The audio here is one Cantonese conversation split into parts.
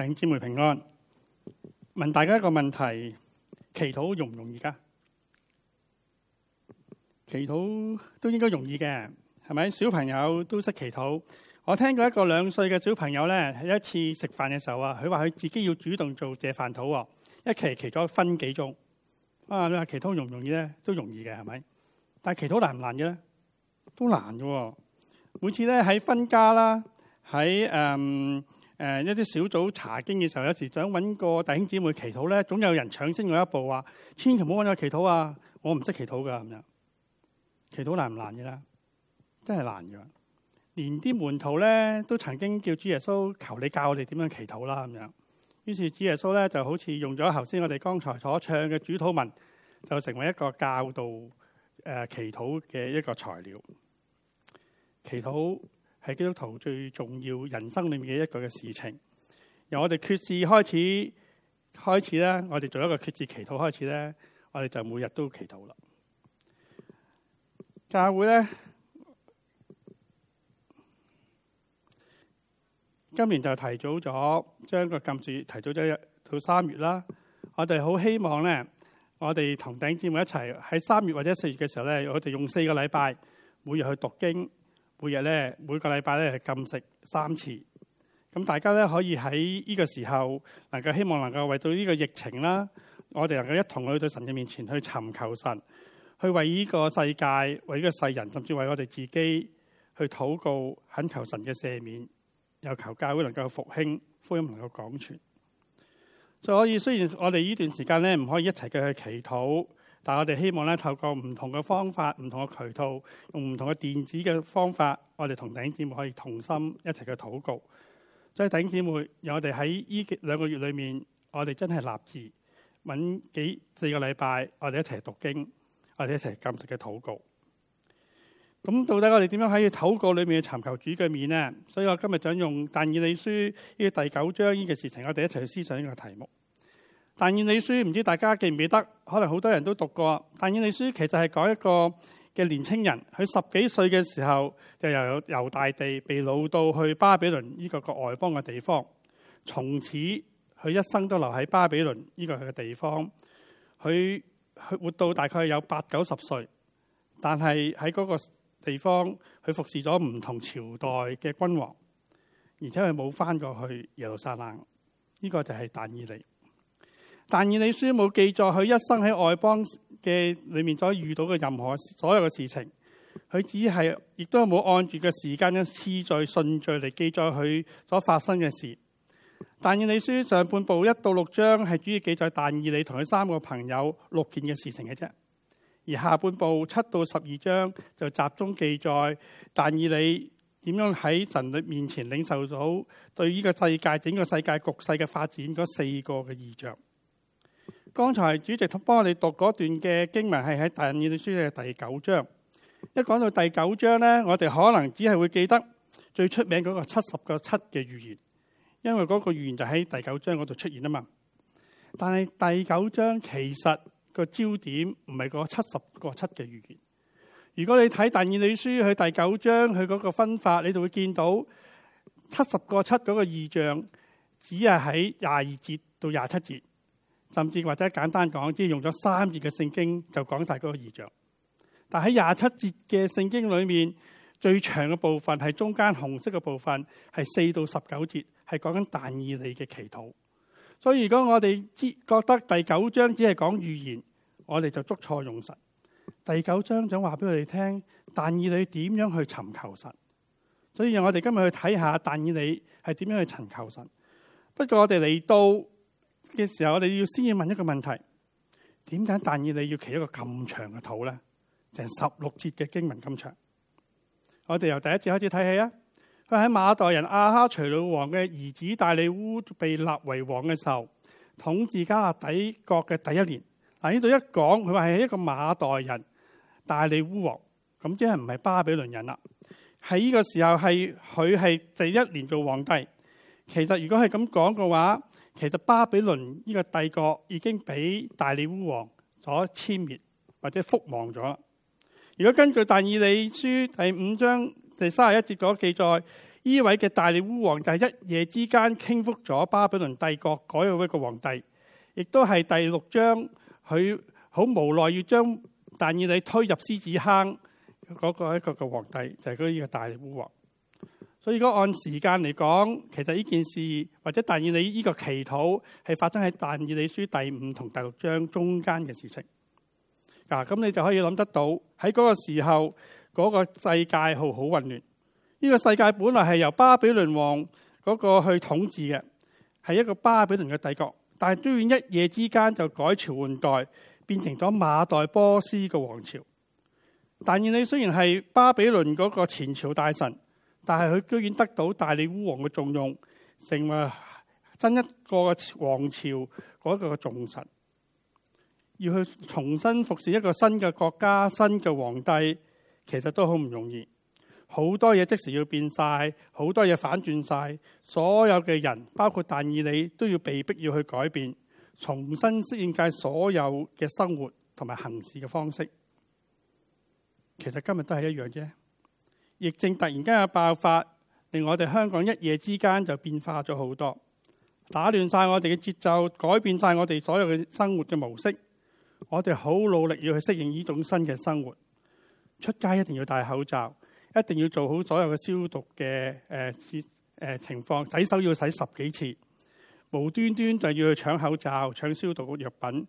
平安，平安。問大家一個問題：祈禱容唔容易？噶祈禱都應該容易嘅，係咪？小朋友都識祈禱。我聽過一個兩歲嘅小朋友咧，喺一次食飯嘅時候啊，佢話佢自己要主動做謝飯禱，一祈祈咗分幾鐘。啊，你話祈禱容唔容易咧？都容易嘅，係咪？但係祈禱難唔難嘅咧？都難嘅。每次咧喺分家啦，喺誒。誒一啲小組查經嘅時候，有時想揾個弟兄姊妹祈禱咧，總有人搶先我一步話：千祈唔好揾我祈禱啊！我唔識祈禱噶咁樣。祈禱難唔難嘅咧？真係難嘅。連啲門徒咧都曾經叫主耶穌，求你教我哋點樣祈禱啦咁樣。於是主耶穌咧就好似用咗頭先我哋剛才所唱嘅主禱文，就成為一個教導誒祈禱嘅一個材料，祈禱，基督徒最重要人生裏面嘅一個嘅事情，由我哋決志開始開始咧，我哋做一個決志祈禱開始咧，我哋就每日都祈禱啦。教會咧，今年就提早咗將個禁止提早咗到三月啦。我哋好希望咧，我哋同頂尖一齊喺三月或者四月嘅時候咧，我哋用四個禮拜每日去讀經。每日咧，每個禮拜咧係禁食三次。咁大家咧可以喺呢個時候，能夠希望能夠為到呢個疫情啦，我哋能夠一同去到神嘅面前去尋求神，去為呢個世界、為呢個世人，甚至為我哋自己去禱告，懇求神嘅赦免，又求教會能夠復興，福音能夠廣傳。所以，以雖然我哋呢段時間咧唔可以一齊繼續去祈禱。但係我哋希望咧，透過唔同嘅方法、唔同嘅渠道、用唔同嘅電子嘅方法，我哋同弟兄姊妹可以同心一齊去禱告。所以弟兄姊妹，讓我哋喺呢兩個月裏面，我哋真係立志揾幾四個禮拜，我哋一齊讀經，我哋一齊禁食嘅禱告。咁到底我哋點樣可以喺禱告裏面去尋求主嘅面呢？所以我今日想用但以理書呢、這個、第九章呢嘅事情，我哋一齊去思想呢個題目。但以理書唔知大家記唔記得，可能好多人都讀過。但以理書其實係講一個嘅年青人，佢十幾歲嘅時候就由猶大地，被擄到去巴比倫呢個個外邦嘅地方。從此佢一生都留喺巴比倫呢個佢嘅地方，佢活到大概有八九十歲，但係喺嗰個地方佢服侍咗唔同朝代嘅君王，而且佢冇返過去耶路撒冷。呢、這個就係但以理。但以理書冇記載佢一生喺外邦嘅裏面所遇到嘅任何所有嘅事情，佢只係亦都冇按住嘅時間嘅次序順序嚟記載佢所發生嘅事。但以理書上半部一到六章係主要記載但以理同佢三個朋友六件嘅事情嘅啫，而下半部七到十二章就集中記載但以理點樣喺神嘅面前領受到對呢個世界整個世界局勢嘅發展嗰四個嘅異象。剛才主席幫我哋讀嗰段嘅經文係喺但以理書嘅第九章。一講到第九章呢，我哋可能只係會記得最出名嗰個七十個七嘅預言，因為嗰個預言就喺第九章嗰度出現啊嘛。但係第九章其實個焦點唔係個七十個七嘅預言。如果你睇但以理書佢第九章佢嗰個分法，你就會見到七十個七嗰個異象只係喺廿二節到廿七節。甚至或者簡單講，即係用咗三節嘅聖經就講晒嗰個異象。但喺廿七節嘅聖經裏面，最長嘅部分係中間紅色嘅部分，係四到十九節，係講緊但以理嘅祈禱。所以如果我哋覺得第九章只係講預言，我哋就捉錯用神。第九章想話俾我哋聽，但以理點樣去尋求神。所以我哋今日去睇下但以理係點樣去尋求神。不過我哋嚟到嘅時候，我哋要先要問一個問題：點解但以理要祈一個咁長嘅禱呢？就係十六節嘅經文咁長，我哋由第一節開始睇起啊！佢喺馬代人亞哈隨魯王嘅兒子大利烏被立為王嘅時候，統治迦勒底國嘅第一年。嗱，呢度一講，佢話係一個馬代人大利烏王，咁即係唔係巴比倫人啦？喺呢個時候係佢係第一年做皇帝。其實如果係咁講嘅話，其實巴比倫呢個帝國已經俾大利烏王所殲滅或者覆亡咗。如果根據但以理書第五章第三十一節嗰記載，呢位嘅大利烏王就係一夜之間傾覆咗巴比倫帝國，改做一個皇帝，亦都係第六章佢好無奈要將但以理推入獅子坑嗰個一個嘅皇帝，就係、是、嗰個大利烏王。所以，如果按時間嚟講，其實呢件事或者但以理呢個祈禱係發生喺但以理書第五同第六章中間嘅事情。嗱，咁你就可以諗得到喺嗰個時候嗰、嗰個世界好好混亂。呢、呢個世界本來係由巴比倫王嗰個去統治嘅，係一個巴比倫嘅帝國，但係突然一夜之間就改朝換代，變成咗馬代波斯嘅王朝。但以理雖然係巴比倫嗰個前朝大臣。但係佢居然得到大理烏王嘅重用，成為真一個皇朝嗰一個重臣，要去重新服侍一個新嘅國家、新嘅皇帝，其實都好唔容易。好多嘢即時要變晒，好多嘢反轉晒，所有嘅人包括但以理都要被迫要去改變，重新適應界所有嘅生活同埋行事嘅方式。其實今日都係一樣啫。疫症突然間嘅爆發，令我哋香港一夜之間就變化咗好多，打亂晒我哋嘅節奏，改變晒我哋所有嘅生活嘅模式。我哋好努力要去適應呢種新嘅生活。出街一定要戴口罩，一定要做好所有嘅消毒嘅誒誒情況，洗手要洗十幾次。無端端就要去搶口罩、搶消毒藥品，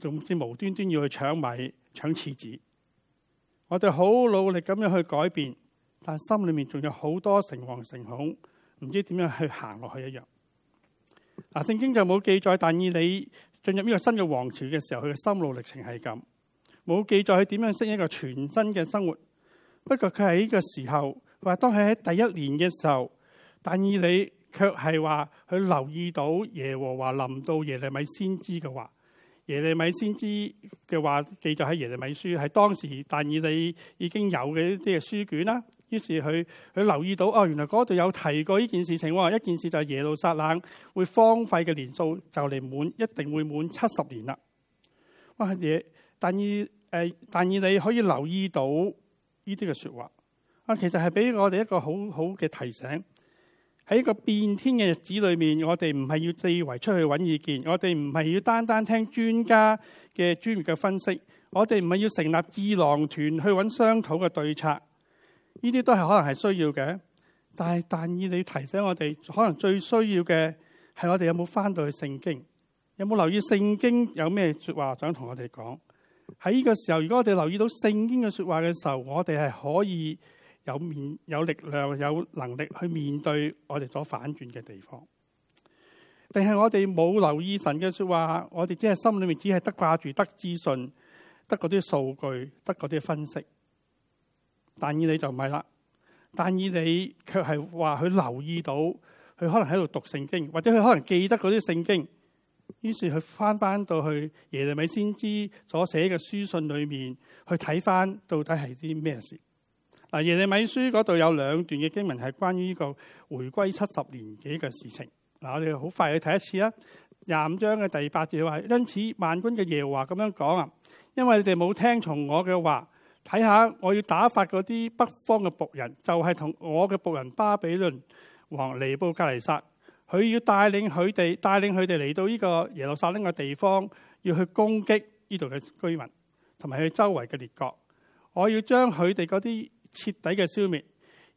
甚至無端端要去搶米、搶廁紙。我哋好努力咁樣去改變。但心裏面仲有好多誠惶誠恐，唔知點樣去行落去一樣。嗱，聖經就冇記載。但以理進入呢個新嘅王朝嘅時候，佢嘅心路歷程係咁冇記載。佢點樣適應一個全新嘅生活？不過佢喺呢個時候，話當佢喺第一年嘅時候，但以理卻係話佢留意到耶和華臨到耶利米先知嘅話。耶利米先知嘅話記載喺耶利米書，係當時但以理已經有嘅一啲嘅書卷啦。於是佢佢留意到哦，原來嗰度有提過呢件事情。一件事就係耶路撒冷會荒廢嘅年數就嚟滿，一定會滿七十年啦。哇！耶，但以誒、呃，但以你可以留意到呢啲嘅説話啊，其實係俾我哋一個很好好嘅提醒。喺一個變天嘅日子裏面，我哋唔係要四圍出去揾意見，我哋唔係要單單聽專家嘅專業嘅分析，我哋唔係要成立智囊團去揾商討嘅對策。呢啲都係可能係需要嘅，但係但以，你提醒我哋，可能最需要嘅係我哋有冇翻到去聖經，有冇留意聖經有咩說話想同我哋講？喺呢個時候，如果我哋留意到聖經嘅說話嘅時候，我哋係可以有面、有力量、有能力去面對我哋所反轉嘅地方。定係我哋冇留意神嘅說話，我哋只係心裏面只係得掛住得資訊、得嗰啲數據、得嗰啲分析。但以理就唔係啦，但以理卻係話佢留意到，佢可能喺度讀聖經，或者佢可能記得嗰啲聖經，於是佢翻翻到去耶利米先知所寫嘅書信裏面去睇翻到底係啲咩事。嗱耶利米書嗰度有兩段嘅經文係關於呢個回歸七十年幾嘅事情。嗱我哋好快去睇一次啦，廿五章嘅第八節話：因此萬軍嘅耶和華咁樣講啊，因為你哋冇聽從我嘅話。睇下我要打發嗰啲北方嘅僕人，就係、是、同我嘅僕人巴比倫王尼布加尼撒，佢要帶領佢哋帶領佢哋嚟到呢個耶路撒冷嘅地方，要去攻擊呢度嘅居民同埋佢周圍嘅列國。我要將佢哋嗰啲徹底嘅消滅，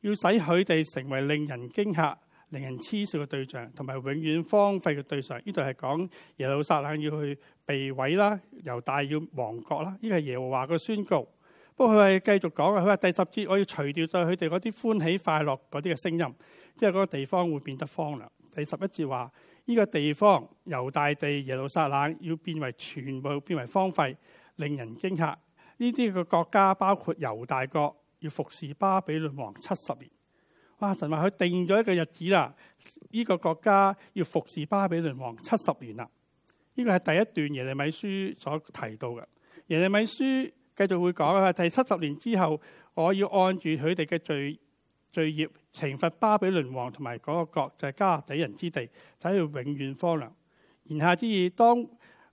要使佢哋成為令人驚嚇、令人嗤笑嘅對象，同埋永遠荒廢嘅對象。呢度係講耶路撒冷要去被毀啦，猶大要亡國啦。呢個係耶和華嘅宣告。不過佢係繼續講嘅。佢話第十節我要除掉咗佢哋嗰啲歡喜快樂嗰啲嘅聲音，即係嗰個地方會變得荒涼。第十一節話：呢個地方猶大地耶路撒冷要變為全部變為荒廢，令人驚吓。呢啲個國家包括猶大國要服侍巴比倫王七十年。哇！神話佢定咗一個日子啦，呢個國家要服侍巴比倫王七十年啦。呢個係第一段耶利米書所提到嘅耶利米書。繼續會講啊！第七十年之後，我要按住佢哋嘅罪罪孽，懲罰巴比倫王同埋嗰個國，就係、是、加勒底人之地，使、就、佢、是、永遠荒涼。言下之意，當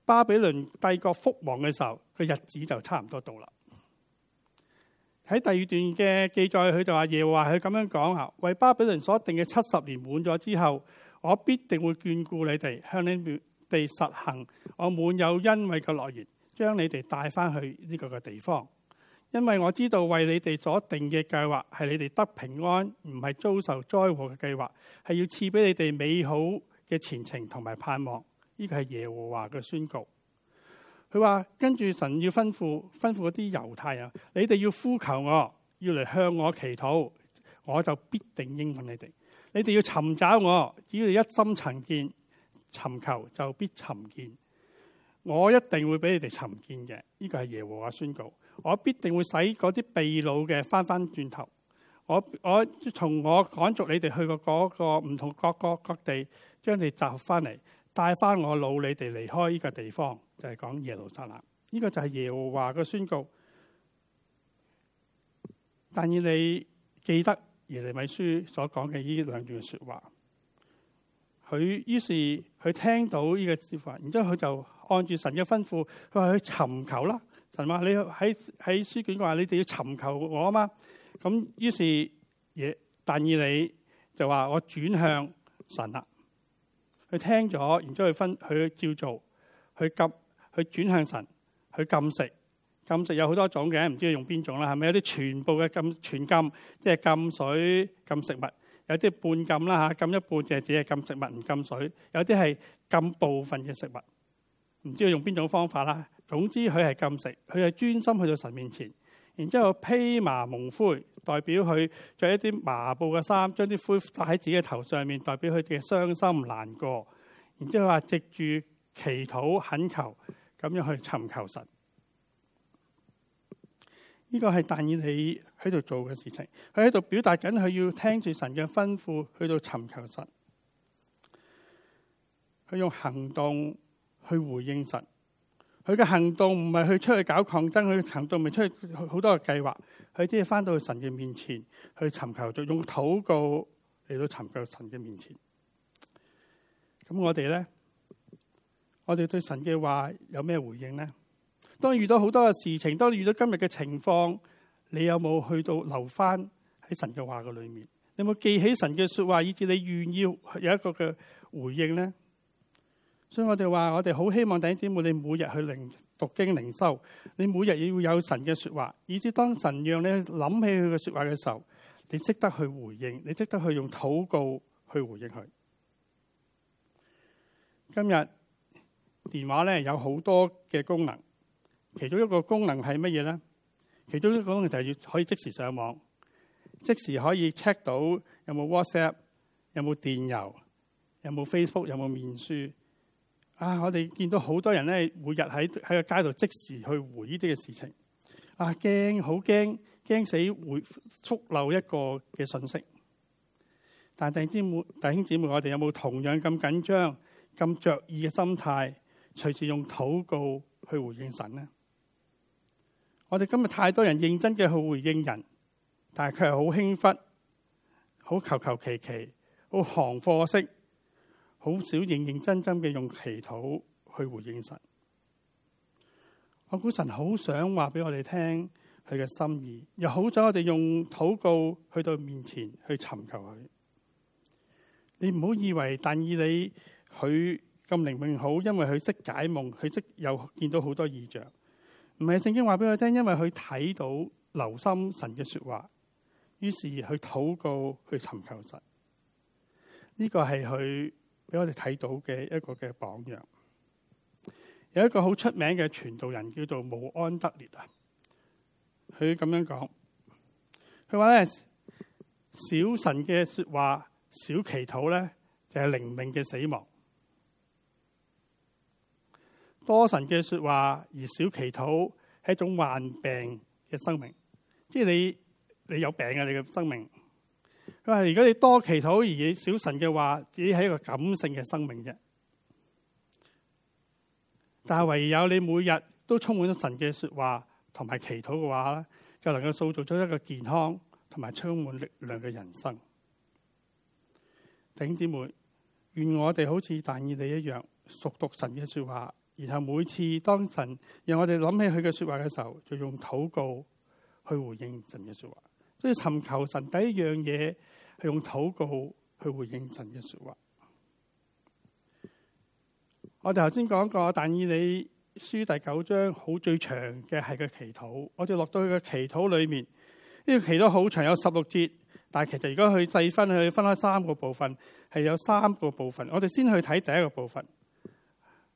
巴比倫帝國覆亡嘅時候，個日子就差唔多到啦。喺第二段嘅記載，佢就話耶和華佢咁樣講啊：為巴比倫所定嘅七十年滿咗之後，我必定會眷顧你哋，向你哋實行我滿有恩惠嘅諾言。將你哋帶翻去呢個嘅地方，因為我知道為你哋所定嘅計劃係你哋得平安，唔係遭受災禍嘅計劃，係要賜俾你哋美好嘅前程同埋盼望。呢個係耶和華嘅宣告。佢話跟住神要吩咐，吩咐嗰啲猶太人，你哋要呼求我，要嚟向我祈禱，我就必定應允你哋。你哋要尋找我，只要你一心尋見、尋求，就必尋見。我一定會俾你哋尋見嘅，呢、這個係耶和華宣告。我必定會使嗰啲秘逆嘅翻翻轉頭。我我從我趕逐你哋去過嗰個唔同各個各地，將你集合翻嚟，帶翻我老你哋離開呢個地方，就係、是、講耶路撒冷。呢、這個就係耶和華嘅宣告。但願你記得耶利米書所講嘅呢兩段說話。佢於是佢聽到呢個指法，然之後佢就。按住神嘅吩咐，佢話去尋求啦。神話你喺喺書卷嘅話，你哋要尋求我啊嘛。咁於是嘢，但以理就話我轉向神啦。佢聽咗，然之後佢分佢照做，佢禁佢轉向神，佢禁食，禁食有好多種嘅，唔知用邊種啦？係咪有啲全部嘅禁全禁，即係禁水、禁食物；有啲半禁啦吓，禁一半就係只係禁食物唔禁水；有啲係禁部分嘅食物。唔知佢用邊種方法啦，總之佢係禁食，佢係專心去到神面前，然之後披麻蒙灰，代表佢着一啲麻布嘅衫，將啲灰帶喺自己嘅頭上面，代表佢嘅傷心難過。然之後話藉住祈禱懇求，咁樣去尋求神。呢個係但以理喺度做嘅事情，佢喺度表達緊佢要聽住神嘅吩咐去到尋求神，佢用行動去回應神，佢嘅行動唔係去出去搞抗爭，佢嘅行動咪出去好多嘅計劃，佢即係翻到去神嘅面前去尋求，就用禱告嚟到尋求神嘅面前。咁我哋咧，我哋對神嘅話有咩回應咧？當遇到好多嘅事情，當遇到今日嘅情況，你有冇去到留翻喺神嘅話嘅裏面？你有冇記起神嘅説話，以至你願意有一個嘅回應咧？所以我哋話，我哋好希望弟兄姊妹，你每日去靈讀經、靈修，你每日要有神嘅説話，以至當神讓你去諗起佢嘅説話嘅時候，你識得去回應，你識得去用禱告去回應佢。今日電話咧有好多嘅功能，其中一個功能係乜嘢咧？其中一個功能就係可以即時上網，即時可以 check 到有冇 WhatsApp，有冇電郵，有冇 Facebook，有冇面書。啊！我哋見到好多人咧，每日喺喺個街度即時去回呢啲嘅事情。啊，驚！好驚！驚死回速漏一個嘅信息。但弟兄姊妹，弟兄姊妹，我哋有冇同樣咁緊張、咁着意嘅心態？隨時用禱告去回應神咧。我哋今日太多人認真嘅去回應人，但係佢係好輕忽、好求求其其、好行貨式。好少認認真真嘅用祈禱去回應神。我估神好想話俾我哋聽佢嘅心意，又好想我哋用禱告去到面前去尋求佢。你唔好以為但以理，佢咁靈命好，因為佢識解夢，佢識又見到好多異象。唔係聖經話俾我聽，因為佢睇到留心神嘅說話於，於是去禱告去尋求神。呢個係佢俾我哋睇到嘅一個嘅榜樣。有一個好出名嘅傳道人叫做武安德烈啊，佢咁樣講，佢話咧：少神嘅說話，少祈禱咧，就係靈命嘅死亡；多神嘅說話而少祈禱，係一種患病嘅生命。即係你，你有病啊！你嘅生命。如果你多祈禱而少神嘅話，只係一個感性嘅生命啫。但係唯有你每日都充滿咗神嘅說話同埋祈禱嘅話咧，就能夠塑造出一個健康同埋充滿力量嘅人生。弟兄姊妹，願我哋好似但以理一樣熟讀神嘅說話，然後每次當神讓我哋諗起佢嘅說話嘅時候，就用禱告去回應神嘅說話。即係尋求神第一樣嘢。去用禱告去回應神嘅說話我說。我哋頭先講過但以理書第九章好最長嘅係個祈禱。我哋落到去個祈禱裏面，呢個祈禱好長有十六節，但係其實如果去細分去分開三個部分，係有三個部分。我哋先去睇第一個部分。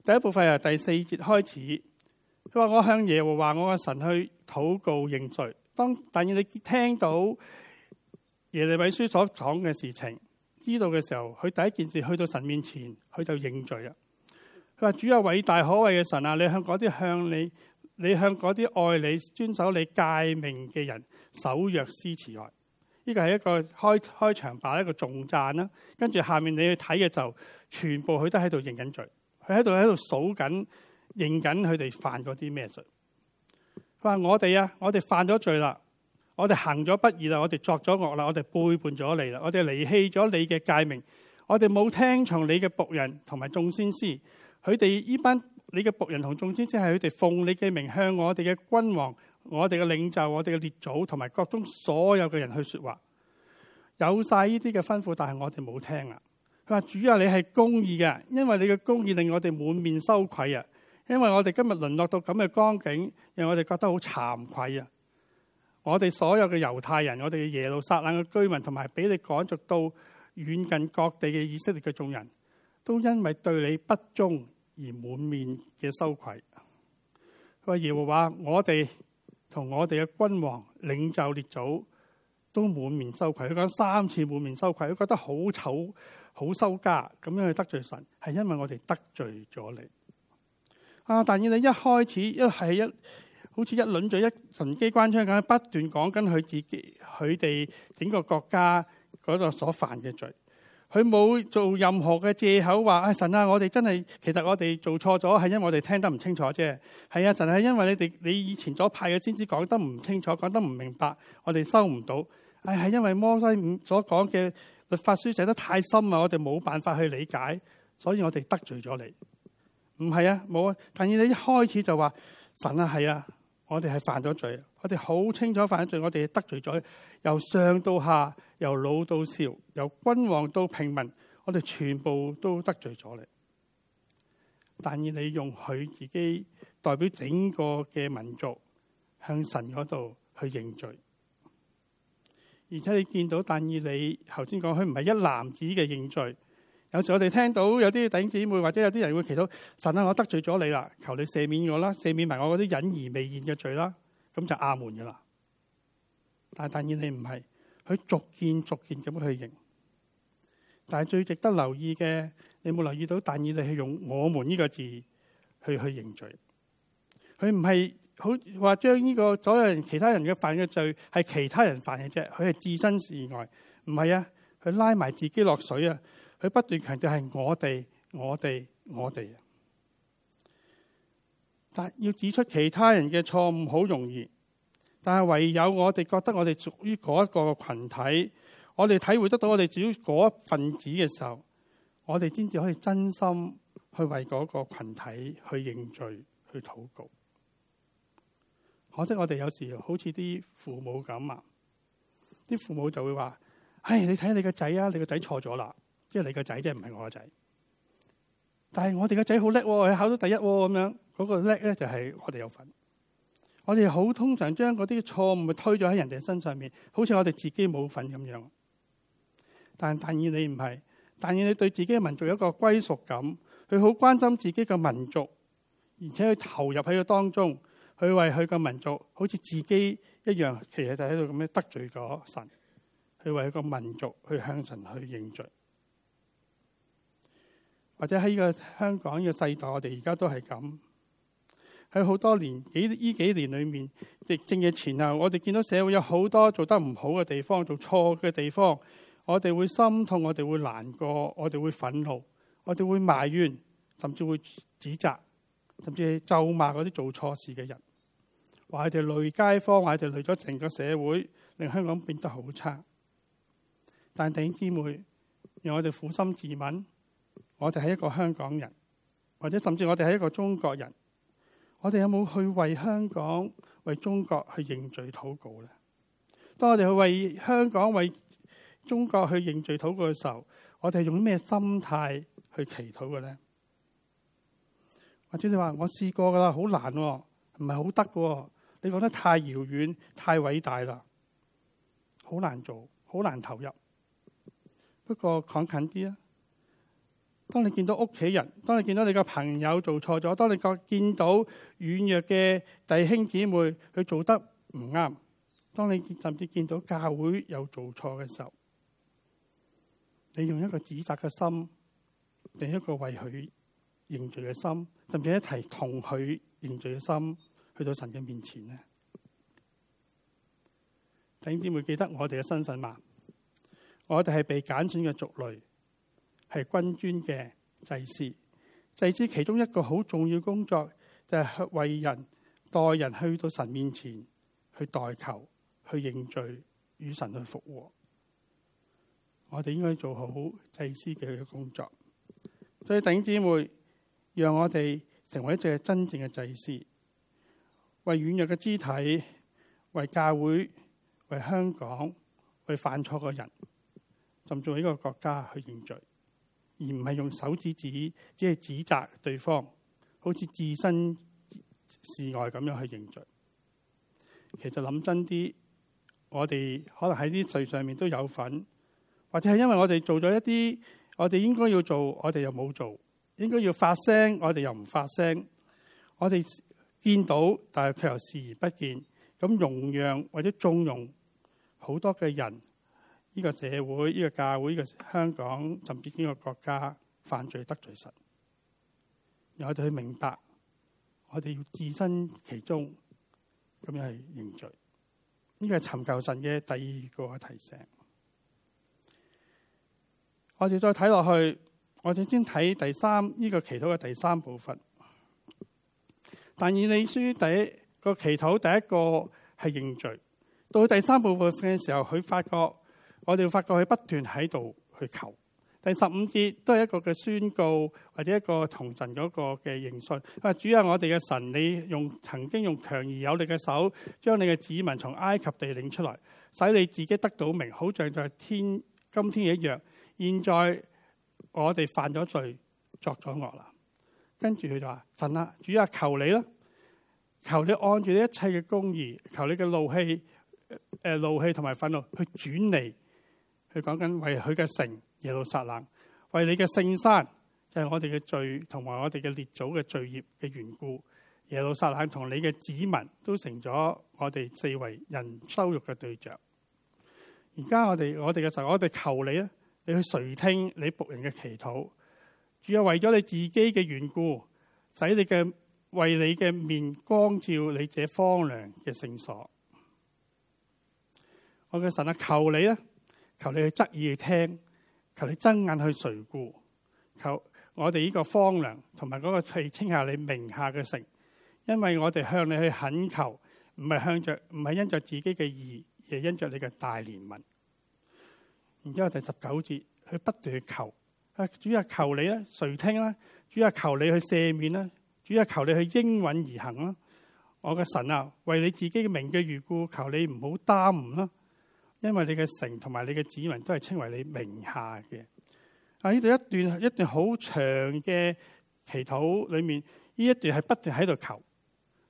第一部分係第四節開始，佢話我向耶和華我嘅神去禱告認罪。當但以理聽到。耶利米書所講嘅事情，知道嘅時候，佢第一件事去到神面前，佢就認罪啦。佢話：主有偉大可畏嘅神啊，你向嗰啲向你、你向啲愛你、遵守你誡命嘅人守約施慈愛，呢、這個係一個開開場白一個頌讚啦、啊。跟住下面你要睇嘅就全部佢都喺度認緊罪，佢喺度喺度數緊認緊佢哋犯咗啲咩罪。佢話：我哋啊，我哋犯咗罪啦。我哋行咗不義啦，我哋作咗惡啦，我哋背叛咗你啦，我哋離棄咗你嘅誡命。我哋冇聽從你嘅僕人同埋眾先師，佢哋呢班你嘅僕人同眾先師係佢哋奉你嘅名向我哋嘅君王、我哋嘅領袖、我哋嘅列祖同埋各種所有嘅人去說話，有晒呢啲嘅吩咐，但係我哋冇聽啊。佢話，主啊，你係公義嘅，因為你嘅公義令我哋滿面羞愧啊，因為我哋今日淪落到咁嘅光景，讓我哋覺得好慚愧啊。我哋所有嘅猶太人、我哋嘅耶路撒冷嘅居民，同埋俾你趕逐到遠近各地嘅以色列嘅眾人都因為對你不忠而滿面嘅羞愧。佢話，耶和華，我哋同我哋嘅君王、領袖、列祖都滿面羞愧。佢講三次滿面羞愧，佢覺得好醜、好羞家，咁樣去得罪神，係因為我哋得罪咗你。啊！但係你一開始一係一。好似一輪嘴、一神機關槍咁，不斷講緊佢自己、佢哋整個國家嗰度所犯嘅罪，佢冇做任何嘅借口話、哎，神啊，我哋真係其實我哋做錯咗，係因為我哋聽得唔清楚啫。係啊，神係因為你哋你以前所派嘅先知講得唔清楚，講得唔明白，我哋收唔到。唉、哎，係因為摩西五所講嘅律法書寫得太深啊，我哋冇辦法去理解，所以我哋得罪咗你。唔係啊，冇啊，但係你一開始就話神啊，係啊。我哋係犯咗罪，我哋好清楚犯咗罪，我哋係得罪咗，由上到下，由老到少，由君王到平民，我哋全部都得罪咗你。但以理用佢自己代表整個嘅民族向神嗰度去認罪，而且你見到但以理頭先講，佢唔係一男子嘅認罪。有時我哋聽到有啲弟兄姊妹，或者有啲人會祈禱神啊，我得罪咗你啦，求你赦免我啦，赦免埋我嗰啲隱而未現嘅罪啦，咁就阿門噶啦。但但以理你唔係佢逐件逐件咁去認，但係最值得留意嘅，你冇留意到但？但以理你係用我們呢個字去去認罪，佢唔係好話將呢個所有人、其他人嘅犯嘅罪係其他人犯嘅啫，佢係置身事外，唔係啊，佢拉埋自己落水啊。佢不斷強調係我哋、我哋、我哋，但要指出其他人嘅錯誤好容易，但係唯有我哋覺得我哋屬於嗰一個群體，我哋體會得到我哋屬於嗰一份子嘅時候，我哋先至可以真心去為嗰個群體去認罪去禱告。可惜我哋有時候好似啲父母咁啊，啲父母就會話：唉，你睇下你個仔啊，你個仔錯咗啦。即係你個仔，即係唔係我個仔？但係我哋個仔好叻，佢考到第一咁樣。嗰、嗰個叻咧就係我哋有份。我哋好通常將嗰啲錯誤推咗喺人哋身上面，好似我哋自己冇份咁樣。但但願你唔係，但願你對自己嘅民族有一個歸屬感，佢好關心自己嘅民族，而且佢投入喺個當中，佢為佢嘅民族好似自己一樣。其實就喺度咁樣得罪咗神，去為一個民族去向神去認罪。或者喺呢個香港呢個世代，我哋而家都係咁。喺好多年幾呢幾年裏面，疫症嘅前後，我哋見到社會有好多做得唔好嘅地方，做錯嘅地方，我哋會心痛，我哋會難過，我哋會憤怒，我哋會，會埋怨，甚至會指責，甚至係咒罵嗰啲做錯事嘅人，話佢哋累街坊，話佢哋累咗成個社會，令香港變得好差。但弟兄姊妹，讓我哋苦心自問。我哋係一個香港人，或者甚至我哋係一個中國人，我哋有冇去為香港、為中國去認罪禱告咧？當我哋去為香港、為中國去認罪禱告嘅時候，我哋係用咩心態去祈禱嘅咧？或者你話我試過噶啦，好難喎，唔係好得，你講得太遙遠、太偉大啦，好難做，好難投入。不過講近啲啊～當你見到屋企人，當你見到你個朋友做錯咗，當你覺見到軟弱嘅弟兄姊妹佢做得唔啱，當你甚至見到教會有做錯嘅時候，你用一個指責嘅心，另一個為佢認罪嘅心，甚至一齊同佢認罪嘅心去到神嘅面前咧，你先會記得我哋嘅身世嘛？我哋係被揀選嘅族類。係君尊嘅祭司，祭司其中一個好重要的工作就係、是、為人代人去到神面前去代求，去認罪與神去復和。我哋應該做好祭司嘅工作，所以弟兄姊妹讓我哋成為一隻真正嘅祭司，為軟弱嘅肢體，為教會，為香港，為犯錯嘅人，甚至為一個國家去認罪。而唔係用手指指，即係指責對方，好似置身事外咁樣去認罪。其實諗真啲，我哋可能喺啲罪上面都有份，或者係因為我哋做咗一啲我哋應該要做，我哋又冇做；應該要發聲，我哋又唔發聲；我哋見到，但係佢又視而不見。咁容讓或者縱容好多嘅人。呢個社會、呢、這個教會、呢、這個香港，甚至呢個國家犯罪得罪神，由我哋去明白，我哋要置身其中咁樣係認罪。呢個係尋求神嘅第二個提醒。我哋再睇落去，我哋先睇第三呢、這個祈禱嘅第三部分。但以理書第一個祈禱第一個係認罪，到第三部分嘅時候，佢發覺。我哋發覺佢不斷喺度去求。第十五節都係一個嘅宣告，或者一個同神嗰個嘅認信。啊，主啊，我哋嘅神，你用曾經用強而有力嘅手，將你嘅子民從埃及地領出來，使你自己得到名，好像在天今天一樣。現在我哋犯咗罪，作咗惡啦。跟住佢就話：神啊，主啊，求你啦，求你按住呢一切嘅公義，求你嘅怒氣，誒、呃、怒氣同埋憤怒去轉離。佢講緊為佢嘅城耶路撒冷，為你嘅聖山，就係、是、我哋嘅罪同埋我哋嘅列祖嘅罪孽嘅緣故，耶路撒冷同你嘅子民都成咗我哋四圍人羞辱嘅對象。而家我哋，我哋嘅神，我哋求你咧，你去垂聽你僕人嘅祈禱。主要，為咗你自己嘅緣故，使你嘅、為你嘅面光照你這荒涼嘅聖所。我嘅神啊，求你咧！求你去側耳去聽，求你睜眼去垂顧，求我哋呢個荒涼同埋嗰個去稱下你名下嘅城，因為我哋向你去懇求，唔係向着唔係因着自己嘅義，而係因着你嘅大憐憫。然之後第十九節去不斷去求，主啊求你啦，垂聽啦，主啊求你去赦免啦，主啊求你去應允而行啦，我嘅神啊，為你自己嘅名嘅緣故，求你唔好耽誤啦。因為你嘅城同埋你嘅子民都係稱為你名下嘅。喺呢度一段一段好長嘅祈禱裏面，呢一段係不斷喺度求，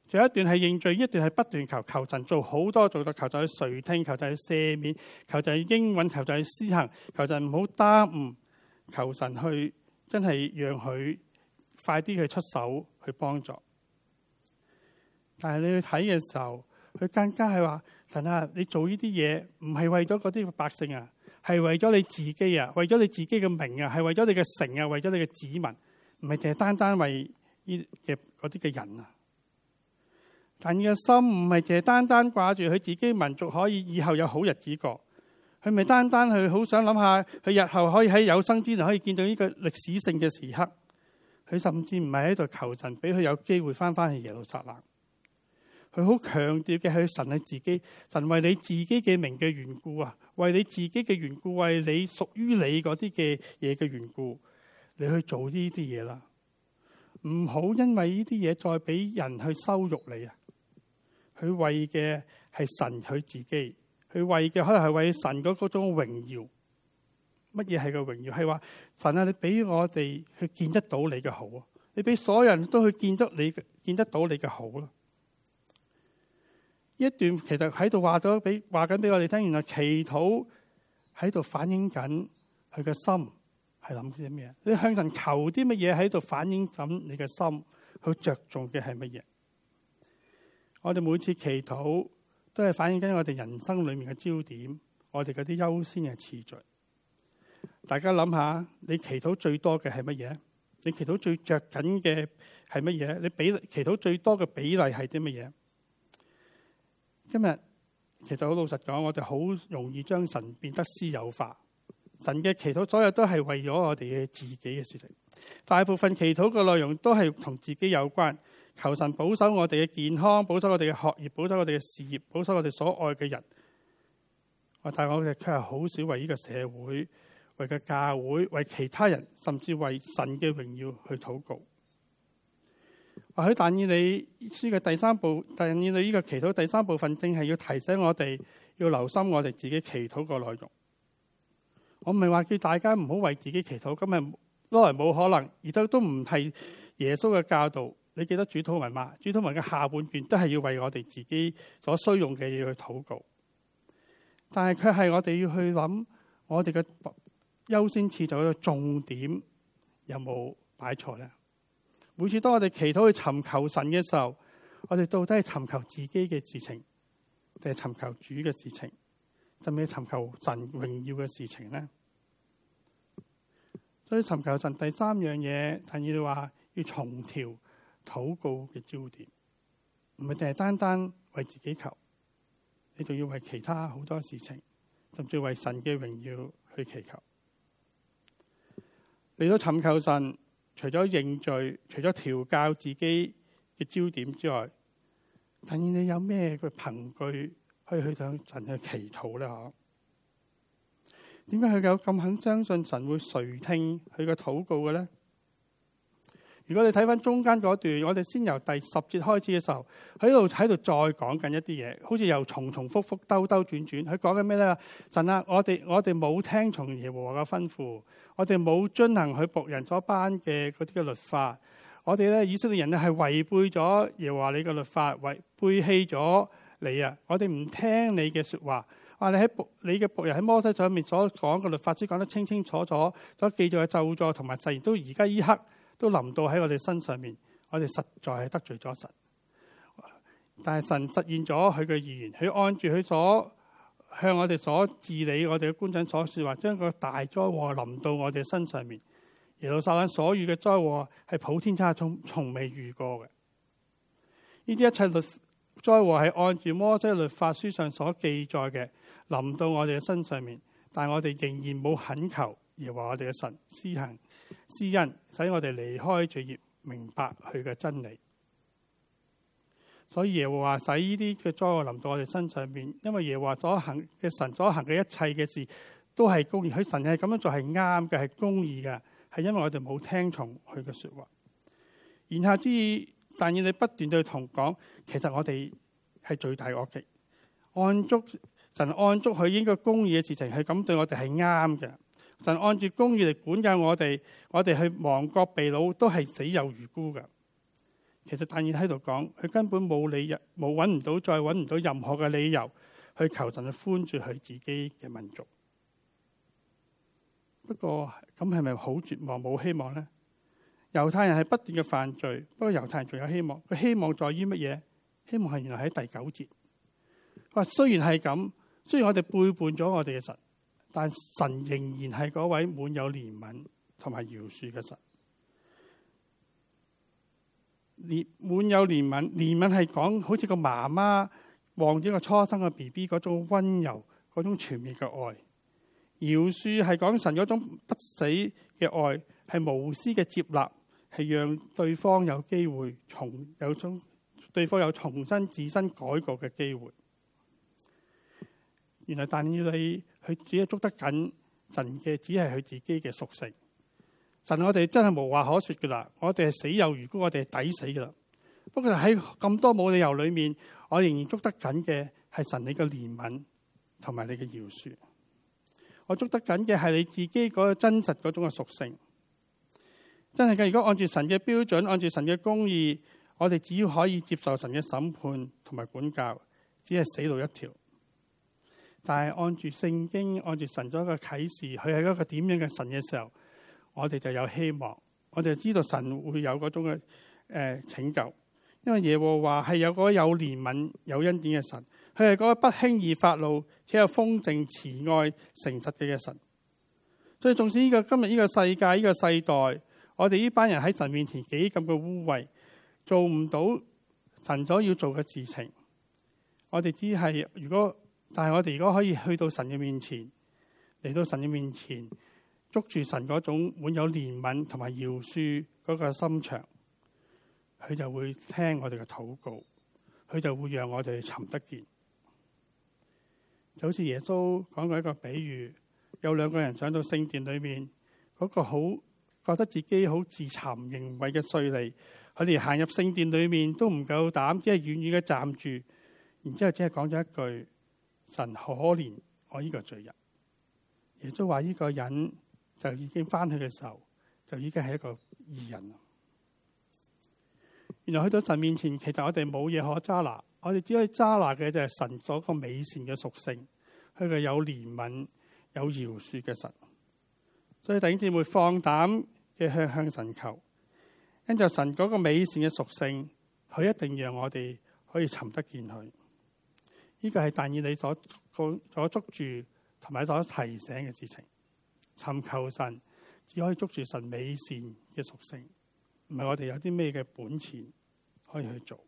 仲有一段係認罪，一段係不斷求，求神做好多，做到求就去垂聽，求就去赦免，求就去應允，求就去施行，求就唔好耽誤，求神去真係讓佢快啲去出手去幫助。但係你去睇嘅時候，佢更加係話。神啊！但你做呢啲嘢唔係為咗嗰啲百姓啊，係為咗你自己啊，為咗你自己嘅名啊，係為咗你嘅城啊，為咗你嘅子民，唔係淨係單單為呢嘅啲嘅人啊。但佢嘅心唔係淨係單單掛住佢自己民族可以以後有好日子過，佢咪單單去好想諗下佢日後可以喺有生之年可以見到呢個歷史性嘅時刻，佢甚至唔係喺度求神俾佢有機會翻翻去耶路撒冷。佢好強調嘅係神係自己，神為你自己嘅名嘅緣故啊，為你自己嘅緣故，為你屬於你嗰啲嘅嘢嘅緣故，你去做呢啲嘢啦。唔好因為呢啲嘢再俾人去羞辱你啊！佢為嘅係神佢自己，佢為嘅可能係為神嗰嗰種榮耀。乜嘢係個榮耀？係話神啊，你俾我哋去見得到你嘅好啊！你俾所有人都去見得你見得到你嘅好啦。一段其實喺度話咗俾話緊俾我哋聽，原來祈禱喺度反映緊佢嘅心係諗啲咩？你向神求啲乜嘢喺度反映緊你嘅心，佢着重嘅係乜嘢？我哋每次祈禱都係反映緊我哋人生裏面嘅焦點，我哋嗰啲優先嘅次序。大家諗下，你祈禱最多嘅係乜嘢？你祈禱最着緊嘅係乜嘢？你比祈禱最多嘅比例係啲乜嘢？今日其實好老實講，我哋好容易將神變得私有化。神嘅祈禱所有都係為咗我哋嘅自己嘅事情，大部分祈禱嘅內容都係同自己有關，求神保守我哋嘅健康，保守我哋嘅學業，保守我哋嘅事業，保守我哋所愛嘅人。但係我哋卻係好少為呢個社會、為個教會、為其他人，甚至為神嘅榮耀去禱告。話佢但願你書嘅第三部，但願你呢個祈禱第三部分正係要提醒我哋，要留心我哋自己祈禱個內容。我唔係話叫大家唔好為自己祈禱，今日都係冇可能，而都都唔係耶穌嘅教導。你記得主禱文嘛？主禱文嘅下半段都係要為我哋自己所需用嘅嘢去禱告。但係佢係我哋要去諗，我哋嘅優先次序嘅重點有冇擺錯咧？每次當我哋祈禱去尋求神嘅時候，我哋到底係尋求自己嘅事情，定係尋求主嘅事情，甚至係尋求神榮耀嘅事情呢？所以尋求神第三樣嘢，第二就話要重調禱告嘅焦點，唔係淨係單單為自己求，你仲要為其他好多事情，甚至為神嘅榮耀去祈求。你都尋求神。除咗認罪，除咗調教自己嘅焦點之外，突然你有咩嘅憑據可以去向神去祈禱咧？吓？點解佢有咁肯相信神會垂聽佢嘅禱告嘅咧？如果你睇翻中間嗰段，我哋先由第十節開始嘅時候，喺度喺度再講緊一啲嘢，好似又重重複複兜兜轉轉。佢講緊咩咧？神啊，我哋我哋冇聽從耶和華嘅吩咐，我哋冇遵行佢僕人所頒嘅嗰啲嘅律法，我哋咧以色列人咧係違背咗耶和華你嘅律法，違背棄咗你啊！我哋唔聽你嘅説話，話你喺僕你嘅僕人喺摩西上面所講嘅律法，只講得清清楚楚，所記載嘅咒詛同埋誓言都而家呢刻。都臨到喺我哋身上面，我哋實在係得罪咗神。但係神實現咗佢嘅意願，佢按住佢所向我哋所治理我哋嘅官長所說話，將個大災禍臨到我哋身上面。耶路撒冷所遇嘅災禍係普天差從從未遇過嘅。呢啲一切律災禍係按住摩西律法書上所記載嘅，臨到我哋嘅身上面。但係我哋仍然冇懇求，而話我哋嘅神施行知恩，使我哋離開罪孽，明白佢嘅真理。所以耶和華使呢啲嘅災禍臨到我哋身上邊，因為耶和華所行嘅神所行嘅一切嘅事，都係公義。佢神係咁樣做係啱嘅，係公義嘅，係因為我哋冇聽從佢嘅說話。言下之意但願你不斷對佢同講，其實我哋係最大的惡極，按足神按足佢應該公義嘅事情，係咁對我哋係啱嘅。但按住公義嚟管教我哋，我哋去亡國被擄都係死有餘辜噶其實但以理喺度講，佢根本冇理由，冇搵唔到再搵唔到任何嘅理由去求神去寬恕佢自己嘅民族。不過咁係咪好絕望冇希望呢？猶太人係不斷嘅犯罪，不過猶太人仲有希望。佢希望在於乜嘢？希望係原來喺第九節。話雖然係咁，雖然我哋背叛咗我哋嘅神。但神仍然係嗰位滿有憐憫同埋饒恕嘅神連，憐滿有憐憫，憐憫係講好似個媽媽望住個初生嘅 B B 嗰種溫柔，嗰種全面嘅愛；饒恕係講神嗰種不死嘅愛，係無私嘅接納，係讓對方有機會重有種對方有重新自身改過嘅機會。原來但要你。佢只係捉得緊神嘅，只係佢自己嘅屬性。神，我哋真係無話可說噶啦。我哋係死有餘辜，我哋係抵死噶啦。不過喺咁多冇理由裏面，我仍然捉得緊嘅係神你嘅憐憫同埋你嘅饒恕。我捉得緊嘅係你自己嗰個真實嗰種嘅屬性。真係嘅，如果按照神嘅標準，按照神嘅公義，我哋只要可以接受神嘅審判同埋管教，只係死路一條。但係按住聖經，按住神咗一個啟示，佢係一個點樣嘅神嘅時候，我哋就有希望，我哋知道神會有嗰種嘅誒、呃、拯救。因為耶和華係有嗰個有憐憫、有恩典嘅神，佢係嗰個不輕易發怒且有豐盛慈愛誠實嘅嘅神。所以，縱使呢個今日呢個世界呢、呢個世代，我哋呢班人喺神面前幾咁嘅污穢，做唔到神所要做嘅事情，我哋只係如果。但係，我哋如果可以去到神嘅面前，嚟到神嘅面前捉住神嗰種滿有憐憫同埋饒恕嗰個心腸，佢就會聽我哋嘅禱告，佢就會讓我哋尋得見。就好似耶穌講過一個比喻，有兩個人上到聖殿裏面，嗰個好覺得自己好自尋認為嘅衰利，佢哋行入聖殿裏面都唔夠膽，只係遠遠嘅站住，然之後只係講咗一句。神可憐我呢個罪人，亦都話呢個人就已經翻去嘅時候就已經係一個異人。原來去到神面前，其實我哋冇嘢可揸拿，我哋只可以揸拿嘅就係神嗰個美善嘅屬性，佢嘅有憐憫、有饒恕嘅神，所以弟兄姊妹放膽嘅向向神求，跟住神嗰個美善嘅屬性，佢一定讓我哋可以尋得見佢。呢個係但以理所講所捉住同埋所提醒嘅事情，尋求神只可以捉住神美善嘅屬性，唔係我哋有啲咩嘅本錢可以去做。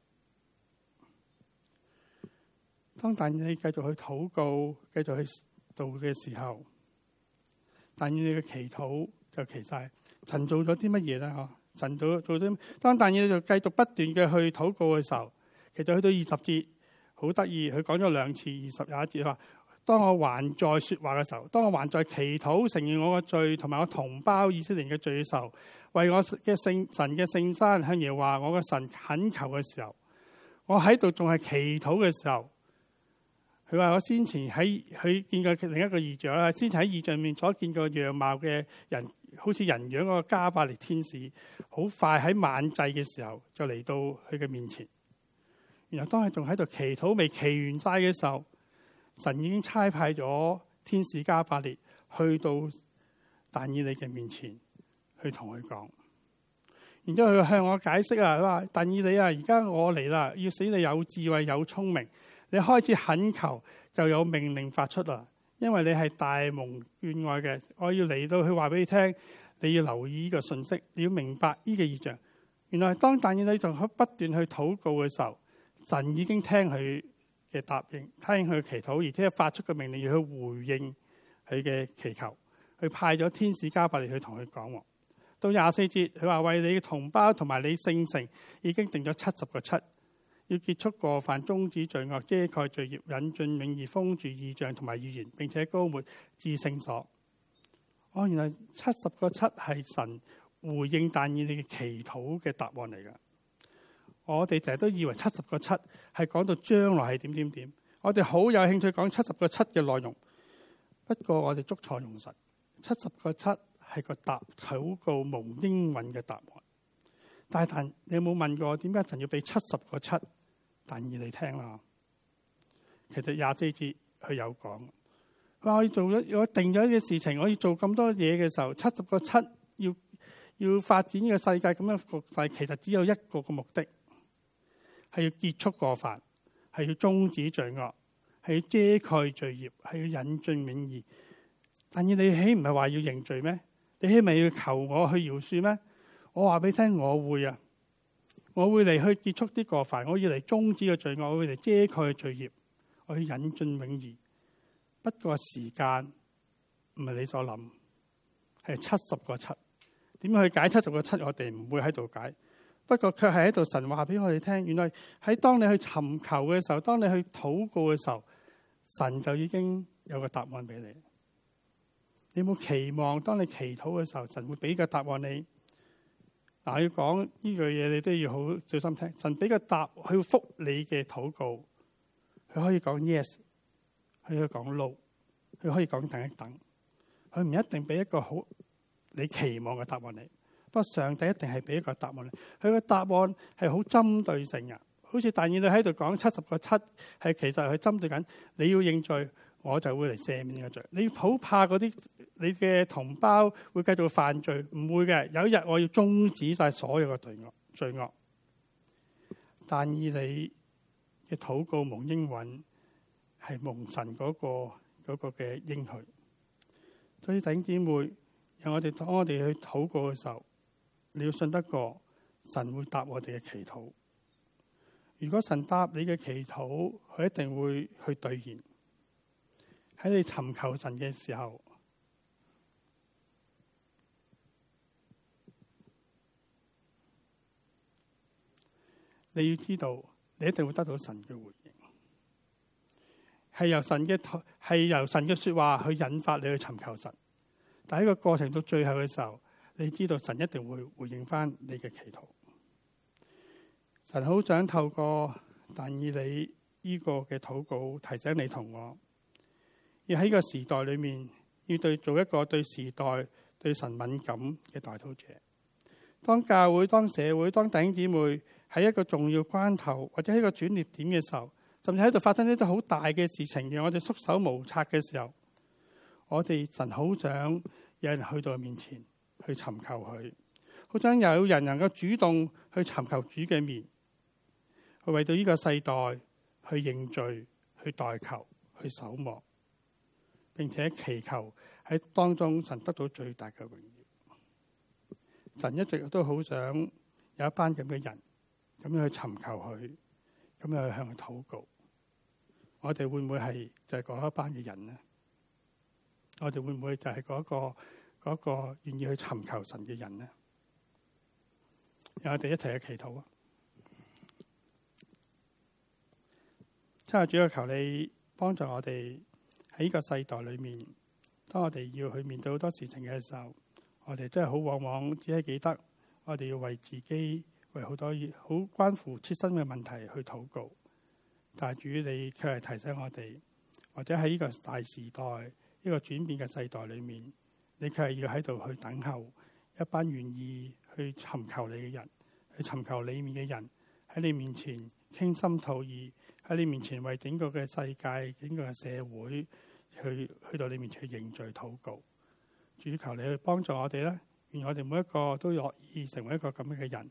當但以理繼續去禱告、繼續去做嘅時候，但以理嘅祈禱就祈曬。神做咗啲乜嘢咧？嗬，神做做啲。當但以理繼續不斷嘅去禱告嘅時候，其實去到二十節。好得意，佢講咗兩次二十廿一節話：當我還在說話嘅時候，當我還在祈禱承認我個罪同埋我同胞以色列嘅罪受為我嘅聖神嘅聖山向，向爺話我嘅神懇求嘅時候，我喺度仲係祈禱嘅時候。佢話我先前喺佢見過另一個異象啦，先前喺異象面所見過樣貌嘅人，好似人樣個加百列天使，好快喺晚祭嘅時候就嚟到佢嘅面前。然後當佢仲喺度祈禱未祈禱完齋嘅時候，神已經差派咗天使加百列去到但以理嘅面前去同佢講。然之後佢向我解釋啊，佢話但以理啊，而家我嚟啦，要使你有智慧有聰明，你開始懇求就有命令發出啦。因為你係大蒙眷愛嘅，我要嚟到去話俾你聽，你要留意呢個信息，你要明白呢個異象。原來當但以理仲喺不斷去禱告嘅時候。神已經聽佢嘅答應，聽佢祈禱，而且發出嘅命令要去回應佢嘅祈求，佢派咗天使加百利去同佢講。到廿四節，佢話為你嘅同胞同埋你的聖城已經定咗七十個七，要結束過犯、終止罪惡、遮蓋罪孽、引進永義、封住異象同埋預言，並且膏抹至聖所。哦，原來七十個七係神回應但以理嘅祈禱嘅答案嚟噶。我哋成日都以為七十個七係講到將來係點點點。我哋好有興趣講七十個七嘅內容，不過我哋捉錯用神，七十個七係個答禱告蒙應允嘅答案。但係，但你有冇問過點解一陣要俾七十個七但以理聽啦？其實廿四節佢有講，話我要做咗我定咗嘅事情，我要做咁多嘢嘅時候，七十個七要要發展呢個世界咁樣局勢，但係其實只有一個嘅目的。係要結束過犯，係要終止罪惡，係要遮蓋罪業，係要引進永義。但係你希唔係話要認罪咩？你起唔係要求我去饒恕咩？我話俾你聽，我會啊，我會嚟去結束啲過犯，我要嚟終止個罪惡，我會嚟遮蓋罪業，我要引進永義。不過時間唔係你所諗，係七十個七。點去解七十個七？我哋唔會喺度解。不過卻係喺度神話俾我哋聽，原來喺當你去尋求嘅時候，當你去禱告嘅時候，神就已經有個答案俾你。你有冇期望？當你祈禱嘅時候，神會俾個答案你？嗱，要講呢樣嘢，你都要好小心聽。神俾個答，佢會復你嘅禱告，佢可以講 yes，佢可以講 no，佢可以講等一等，佢唔一定俾一個好你期望嘅答案你。不過上帝一定係俾一個答案。佢個答案係好針對性嘅，好似但以理喺度講七十個七，係其實係針對緊你要認罪，我就會嚟赦免你嘅罪。你好怕嗰啲你嘅同胞會繼續犯罪？唔會嘅，有一日我要終止晒所有嘅罪惡。罪惡。但以理嘅禱告蒙應允，係蒙神嗰個嗰個嘅應許。所以，弟兄姊妹，讓我哋當我哋去禱告嘅時候。你要信得過，神會答我哋嘅祈禱。如果神答你嘅祈禱，佢一定會去兌現。喺你尋求神嘅時候，你要知道，你一定會得到神嘅回應。係由神嘅係由神嘅說話去引發你去尋求神，但係呢個過程到最後嘅時候，你知道神一定會回應翻你嘅祈禱。神好想透過但以理呢個嘅禱告，提醒你同我要喺個時代裏面，要對做一個對時代、對神敏感嘅代禱者。當教會、當社會、當弟兄姊妹喺一個重要關頭，或者喺個轉捩點嘅時候，甚至喺度發生一啲好大嘅事情，讓我哋束手無策嘅時候，我哋神好想有人去到面前，去尋求佢，好想有人能夠主動去尋求主嘅面，去為到呢個世代去認罪、去代求、去守望，並且祈求喺當中神得到最大嘅榮耀。神一直都好想有一班咁嘅人，咁樣去尋求佢，咁樣去向佢禱告。我哋會唔會係就係嗰一班嘅人呢？我哋會唔會就係嗰個？嗰個願意去尋求神嘅人呢，讓我哋一齊去祈禱啊！真係，主啊，求你幫助我哋喺呢個世代裏面。當我哋要去面對好多事情嘅時候，我哋真係好往往只係記得我哋要為自己為好多好關乎切身嘅問題去禱告。但係，主要你卻係提醒我哋，或者喺呢個大時代，呢、呢個轉變嘅世代裏面。你佢係要喺度去等候一班願意去尋求你嘅人，去尋求你面嘅人，喺你面前傾心吐意，喺你面前為整個嘅世界、整個嘅社會去去到你面前去認罪禱告，主求你去幫助我哋啦，願我哋每一個都樂意成為一個咁樣嘅人，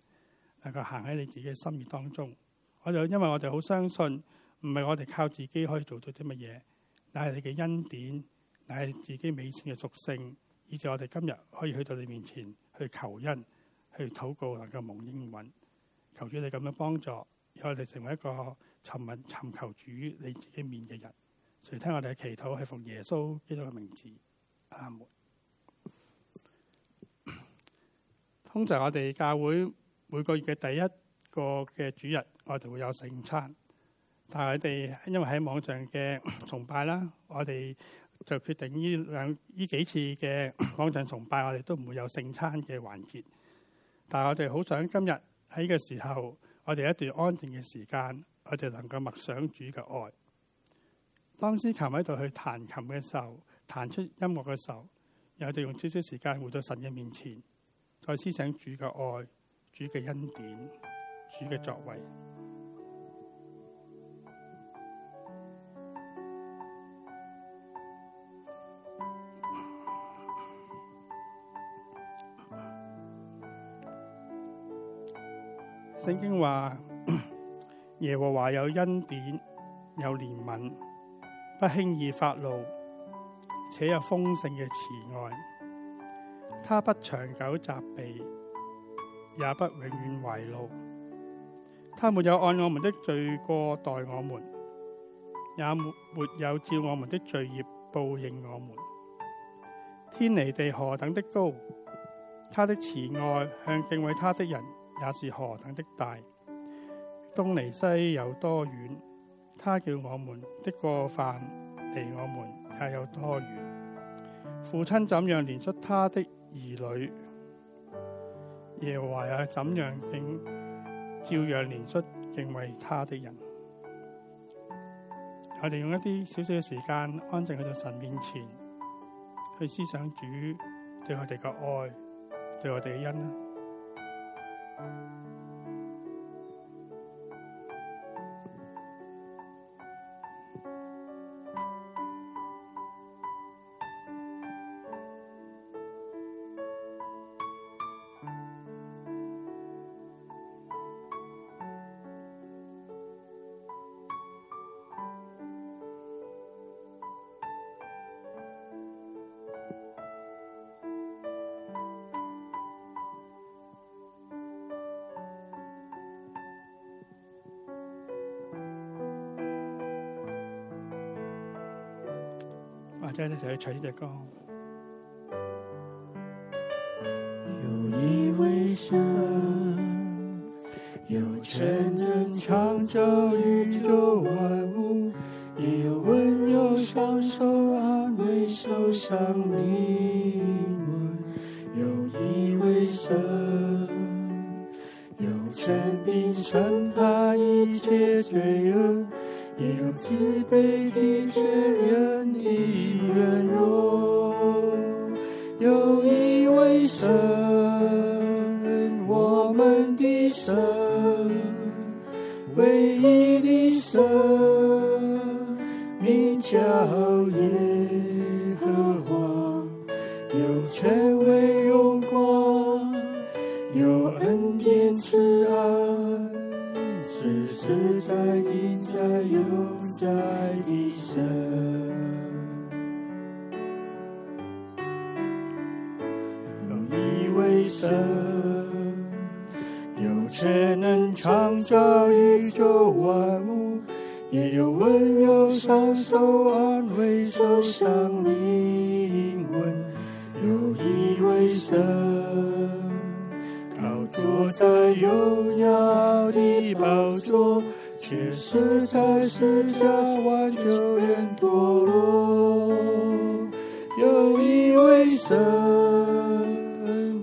能夠行喺你自己嘅心意當中。我就因為我哋好相信，唔係我哋靠自己可以做到啲乜嘢，乃係你嘅恩典，乃係自己美善嘅屬性。以至我哋今日可以去到你面前去求恩、去禱告，能夠蒙應允。求主你咁樣幫助，讓我哋成為一個尋問、尋求主你自己面嘅人。隨聽我哋嘅祈禱係奉耶穌基督嘅名字阿門。通常我哋教會每個月嘅第一個嘅主日，我哋會有聖餐。但係我哋因為喺網上嘅崇拜啦，我哋。就決定呢兩呢幾次嘅網上崇拜，我哋都唔會有聖餐嘅環節。但係我哋好想今日喺呢個時候，我哋一段安靜嘅時間，我哋能夠默想主嘅愛。當司琴喺度去彈琴嘅時候，彈出音樂嘅時候，然後就用少少時間回到神嘅面前，再思想主嘅愛、主嘅恩典、主嘅作為。聖經話：耶和華有恩典，有憐憫，不輕易發怒，且有豐盛嘅慈愛。他不長久責備，也不永遠懷怒。他沒有按我們的罪過待我們，也沒沒有照我們的罪孽報應我們。天離地何等的高，他的慈愛向敬畏他的人。也是何等的大，東離西有多遠？他叫我們的過犯離我們也有多遠？父親怎樣憐恤他的兒女，耶和華是怎樣敬照樣憐恤敬畏他的人。我哋用一啲少少嘅時間，安靜去到神面前，去思想主對我哋嘅愛，對我哋嘅恩大家呢，就要唱這首歌。有一位神，有權能創造宇宙萬物，也有溫柔雙手安慰受傷靈魂。有一位神，有權定審判一切罪惡，也有慈悲。有權威、榮光，有恩典恩、慈愛，是實在、定在、永在的神。有以為生，有全能創造宇宙萬物，也有溫柔雙手安慰受傷你。神靠坐在榮耀的寶座，卻實在是將萬眾變墮落。有一位神，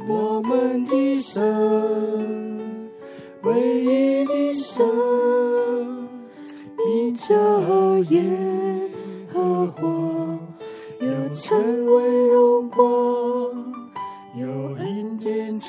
我們的神，唯一的神，名叫耶和華，又成為榮。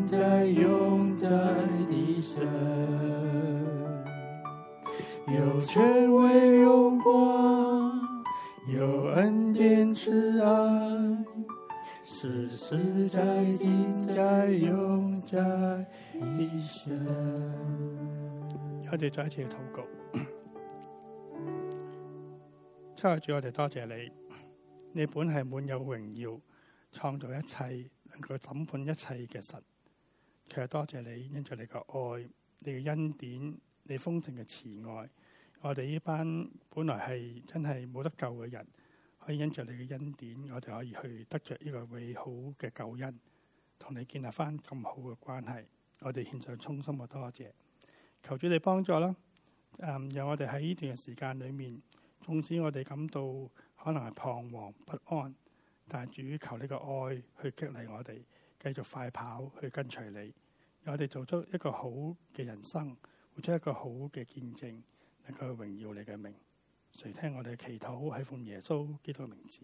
在永在的神，有權威榮光，有恩典慈愛，是實在、盡在、永在的神。我哋再一次嘅禱告，親愛的主，我哋多謝你，你本係滿有榮耀，創造一切，能夠審判一切嘅神。其實多謝你，因着你個愛、你嘅恩典、你豐盛嘅慈愛，我哋呢班本來係真係冇得救嘅人，可以因着你嘅恩典，我哋可以去得着呢個美好嘅救恩，同你建立翻咁好嘅關係。我哋獻上衷心嘅多謝，求主你幫助啦。誒、嗯，讓我哋喺呢段嘅時間裏面，縱使我哋感到可能係彷徨不安，但係主求你嘅愛去激勵我哋。繼續快跑去跟隨你，我哋做出一個好嘅人生，活出一個好嘅見證，能夠榮耀你嘅名。誰聽我哋祈禱，奉耶穌基督名字。